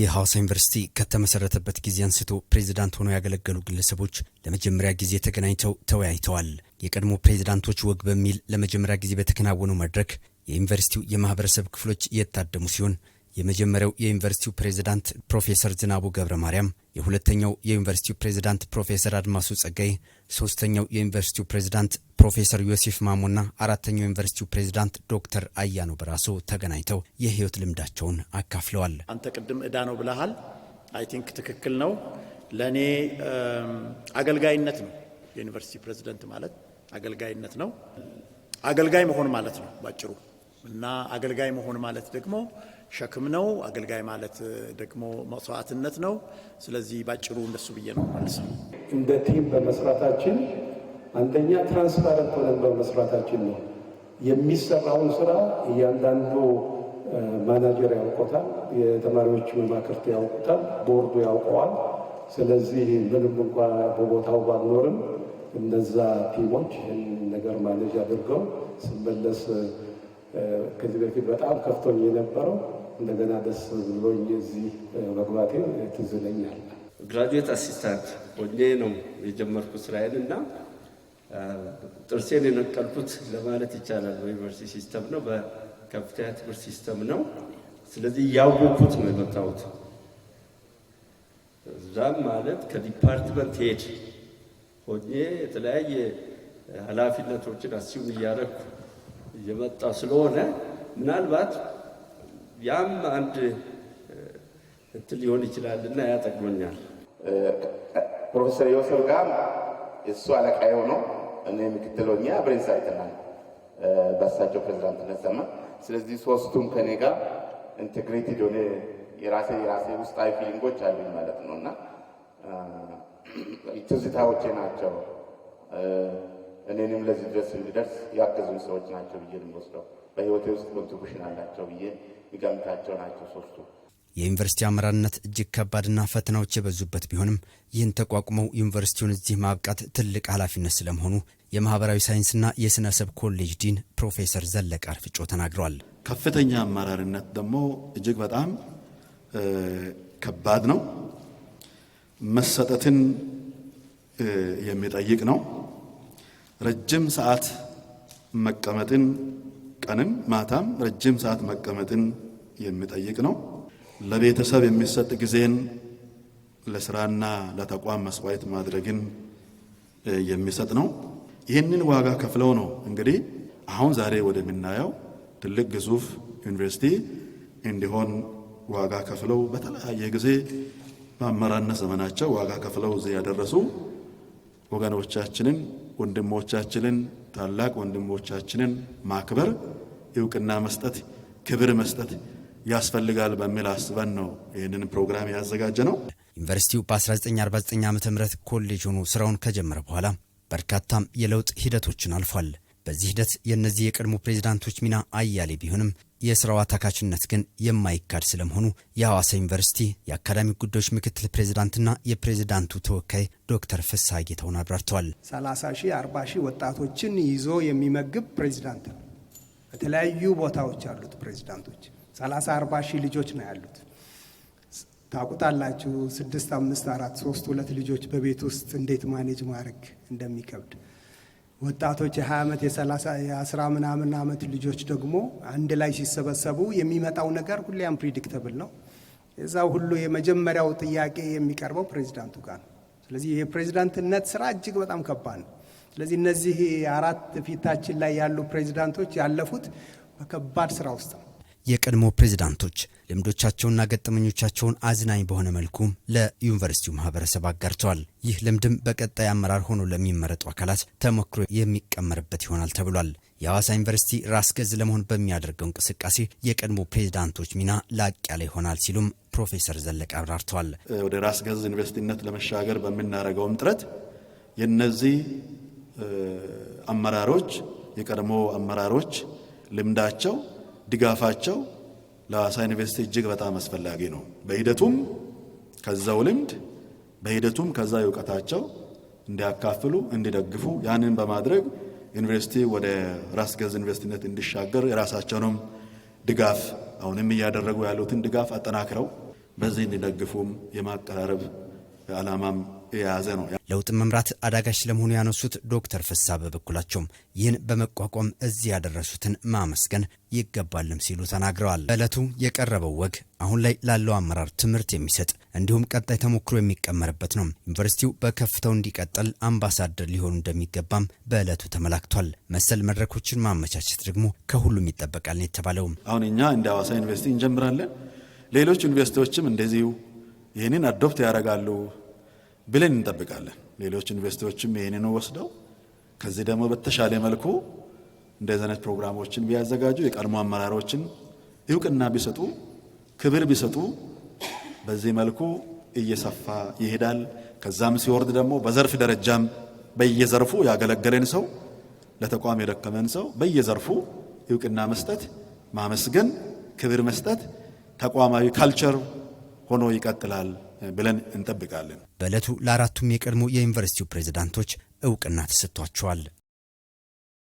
የሐዋሳ ዩኒቨርሲቲ ከተመሰረተበት ጊዜ አንስቶ ፕሬዝዳንት ሆነው ያገለገሉ ግለሰቦች ለመጀመሪያ ጊዜ ተገናኝተው ተወያይተዋል። የቀድሞ ፕሬዝዳንቶች ወግ በሚል ለመጀመሪያ ጊዜ በተከናወነው መድረክ የዩኒቨርሲቲው የማህበረሰብ ክፍሎች እየታደሙ ሲሆን የመጀመሪያው የዩኒቨርሲቲው ፕሬዝዳንት ፕሮፌሰር ዝናቡ ገብረ ማርያም፣ የሁለተኛው የዩኒቨርሲቲው ፕሬዝዳንት ፕሮፌሰር አድማሱ ጸጋይ፣ ሶስተኛው የዩኒቨርሲቲው ፕሬዝዳንት ፕሮፌሰር ዮሴፍ ማሞና አራተኛው ዩኒቨርሲቲው ፕሬዝዳንት ዶክተር አያኖ በራሶ ተገናኝተው የህይወት ልምዳቸውን አካፍለዋል። አንተ ቅድም እዳ ነው ብለሃል። አይ ቲንክ ትክክል ነው። ለእኔ አገልጋይነት ነው። የዩኒቨርሲቲ ፕሬዚደንት ማለት አገልጋይነት ነው። አገልጋይ መሆን ማለት ነው ባጭሩ እና አገልጋይ መሆን ማለት ደግሞ ሸክም ነው። አገልጋይ ማለት ደግሞ መስዋዕትነት ነው። ስለዚህ ባጭሩ እንደሱ ብዬ ነው መልሰው። እንደ ቲም በመስራታችን አንደኛ ትራንስፓረንት ሆነን በመስራታችን ነው የሚሰራውን ስራ እያንዳንዱ ማናጀር ያውቆታል፣ የተማሪዎች መማክርት ያውቁታል፣ ቦርዱ ያውቀዋል። ስለዚህ ምንም እንኳ በቦታው ባልኖርም እነዛ ቲሞች ይህን ነገር ማኔጅ አድርገው ስመለስ ከዚህ በፊት በጣም ከፍቶኝ የነበረው እንደገና ደስ ብሎኝ እዚህ መግባቴ ትዝ ይለኛል። ግራጁዌት አሲስታንት ሆኜ ነው የጀመርኩት ስራዬን እና ጥርሴን የነቀልኩት ለማለት ይቻላል በዩኒቨርሲቲ ሲስተም ነው፣ በከፍተኛ ትምህርት ሲስተም ነው። ስለዚህ ያወኩት ነው የመጣሁት። እዛም ማለት ከዲፓርትመንት ሄድ ሆኜ የተለያየ ኃላፊነቶችን አስዩም እያደረኩ እየመጣ ስለሆነ ምናልባት ያም አንድ እንትን ሊሆን ይችላል እና ያጠቅመኛል። ፕሮፌሰር ዮሴፍ ጋር እሱ አለቃ የሆነው እኔ የምክትለኛ ብሬን ሳይትናል በእሳቸው ፕሬዚዳንትነት ዘመን። ስለዚህ ሶስቱም ከኔ ጋር ኢንቴግሬትድ የሆነ የራሴ የራሴ ውስጣዊ ፊሊንጎች አሉኝ ማለት ነው እና ትዝታዎቼ ናቸው። እኔንም ለዚህ ድረስ እንድደርስ ያገዙኝ ሰዎች ናቸው ብዬ ልወስደው በህይወቴ ውስጥ ኮንትሪቡሽን አላቸው ብዬ ይገምታቸው ናቸው ሶስቱ። የዩኒቨርሲቲ አመራርነት እጅግ ከባድና ፈተናዎች የበዙበት ቢሆንም ይህን ተቋቁመው ዩኒቨርሲቲውን እዚህ ማብቃት ትልቅ ኃላፊነት ስለመሆኑ የማህበራዊ ሳይንስና የስነሰብ ኮሌጅ ዲን ፕሮፌሰር ዘለቀ አርፍጮ ተናግረዋል። ከፍተኛ አመራርነት ደግሞ እጅግ በጣም ከባድ ነው፣ መሰጠትን የሚጠይቅ ነው፣ ረጅም ሰዓት መቀመጥን ቀንም ማታም ረጅም ሰዓት መቀመጥን የሚጠይቅ ነው። ለቤተሰብ የሚሰጥ ጊዜን ለስራና ለተቋም መስዋዕት ማድረግን የሚሰጥ ነው። ይህንን ዋጋ ከፍለው ነው እንግዲህ አሁን ዛሬ ወደምናየው ትልቅ ግዙፍ ዩኒቨርሲቲ እንዲሆን ዋጋ ከፍለው በተለያየ ጊዜ በአመራርነት ዘመናቸው ዋጋ ከፍለው እዚህ ያደረሱ ወገኖቻችንን ወንድሞቻችንን ታላቅ ወንድሞቻችንን ማክበር እውቅና መስጠት ክብር መስጠት ያስፈልጋል በሚል አስበን ነው ይህንን ፕሮግራም ያዘጋጀ ነው። ዩኒቨርሲቲው በ1949 ዓ ም ኮሌጅ ሆኖ ስራውን ከጀመረ በኋላ በርካታም የለውጥ ሂደቶችን አልፏል። በዚህ ሂደት የእነዚህ የቀድሞ ፕሬዚዳንቶች ሚና አያሌ ቢሆንም የስራው አታካችነት ግን የማይካድ ስለመሆኑ የሐዋሳ ዩኒቨርሲቲ የአካዳሚክ ጉዳዮች ምክትል ፕሬዚዳንትና የፕሬዚዳንቱ ተወካይ ዶክተር ፍሳ ጌታውን አብራርተዋል። 30 ሺህ 40 ሺህ ወጣቶችን ይዞ የሚመግብ ፕሬዚዳንት ነው። በተለያዩ ቦታዎች ያሉት ፕሬዚዳንቶች 30 40 ሺህ ልጆች ነው ያሉት ታውቁታላችሁ። 6 5 4 3 2 ልጆች በቤት ውስጥ እንዴት ማኔጅ ማድረግ እንደሚከብድ ወጣቶች የ20 ዓመት የአስራ ምናምን ዓመት ልጆች ደግሞ አንድ ላይ ሲሰበሰቡ የሚመጣው ነገር ሁሌም ፕሪዲክተብል ነው። የዛው ሁሉ የመጀመሪያው ጥያቄ የሚቀርበው ፕሬዚዳንቱ ጋር ነው። ስለዚህ የፕሬዚዳንትነት ስራ እጅግ በጣም ከባድ ነው። ስለዚህ እነዚህ አራት ፊታችን ላይ ያሉ ፕሬዚዳንቶች ያለፉት በከባድ ስራ ውስጥ ነው። የቀድሞ ፕሬዝዳንቶች ልምዶቻቸውንና ገጠመኞቻቸውን አዝናኝ በሆነ መልኩ ለዩኒቨርሲቲው ማህበረሰብ አጋርተዋል። ይህ ልምድም በቀጣይ አመራር ሆኖ ለሚመረጡ አካላት ተሞክሮ የሚቀመርበት ይሆናል ተብሏል። የሐዋሳ ዩኒቨርሲቲ ራስ ገዝ ለመሆን በሚያደርገው እንቅስቃሴ የቀድሞ ፕሬዝዳንቶች ሚና ላቅ ያለ ይሆናል ሲሉም ፕሮፌሰር ዘለቀ አብራርተዋል። ወደ ራስ ገዝ ዩኒቨርሲቲነት ለመሻገር በምናደርገውም ጥረት የነዚህ አመራሮች የቀድሞ አመራሮች ልምዳቸው ድጋፋቸው ለሐዋሳ ዩኒቨርሲቲ እጅግ በጣም አስፈላጊ ነው። በሂደቱም ከዛው ልምድ በሂደቱም ከዛ እውቀታቸው እንዲያካፍሉ እንዲደግፉ፣ ያንን በማድረግ ዩኒቨርሲቲ ወደ ራስ ገዝ ዩኒቨርሲቲነት እንዲሻገር የራሳቸውንም ድጋፍ አሁንም እያደረጉ ያሉትን ድጋፍ አጠናክረው በዚህ እንዲደግፉም የማቀራረብ ዓላማም የያዘ ነው። ለውጥ መምራት አዳጋች ለመሆኑ ያነሱት ዶክተር ፍሳ በበኩላቸውም ይህን በመቋቋም እዚህ ያደረሱትን ማመስገን ይገባልም ሲሉ ተናግረዋል። በዕለቱ የቀረበው ወግ አሁን ላይ ላለው አመራር ትምህርት የሚሰጥ እንዲሁም ቀጣይ ተሞክሮ የሚቀመርበት ነው። ዩኒቨርሲቲው በከፍታው እንዲቀጥል አምባሳደር ሊሆኑ እንደሚገባም በዕለቱ ተመላክቷል። መሰል መድረኮችን ማመቻቸት ደግሞ ከሁሉም ይጠበቃል ነው የተባለው። አሁን እኛ እንደ አዋሳ ዩኒቨርሲቲ እንጀምራለን። ሌሎች ዩኒቨርሲቲዎችም እንደዚሁ ይህንን አዶፕት ያደርጋሉ። ብለን እንጠብቃለን። ሌሎች ዩኒቨርሲቲዎችም ይህንን ወስደው ከዚህ ደግሞ በተሻለ መልኩ እንደዚህ አይነት ፕሮግራሞችን ቢያዘጋጁ፣ የቀድሞ አመራሮችን እውቅና ቢሰጡ፣ ክብር ቢሰጡ፣ በዚህ መልኩ እየሰፋ ይሄዳል። ከዛም ሲወርድ ደግሞ በዘርፍ ደረጃም በየዘርፉ ያገለገለን ሰው ለተቋም የደከመን ሰው በየዘርፉ እውቅና መስጠት፣ ማመስገን፣ ክብር መስጠት ተቋማዊ ካልቸር ሆኖ ይቀጥላል። ብለን እንጠብቃለን። በዕለቱ ለአራቱም የቀድሞ የዩኒቨርሲቲው ፕሬዚዳንቶች እውቅና ተሰጥቷቸዋል።